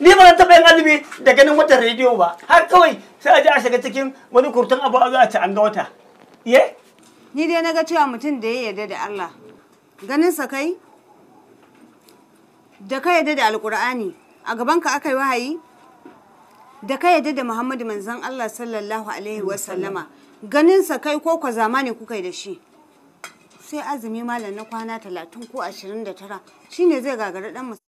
Ni ba taɓa yin azumi da ganin watan rediyo ba, har kawai sai a ji a shiga cikin wani kurtun abu a ci an ga wata. Ye? Ni dai na ga cewa mutum da ya yarda da Allah, sa kai, da ka yarda da alkur'ani a gabanka aka yi wahayi, da ka yarda da Muhammadu manzon Allah sallallahu Alaihi ganin sa kai ko kwa zamani kuka yi da shi. sai azumi malam na kwana talatin ko ashirin da tara shine zai gagara dan musu.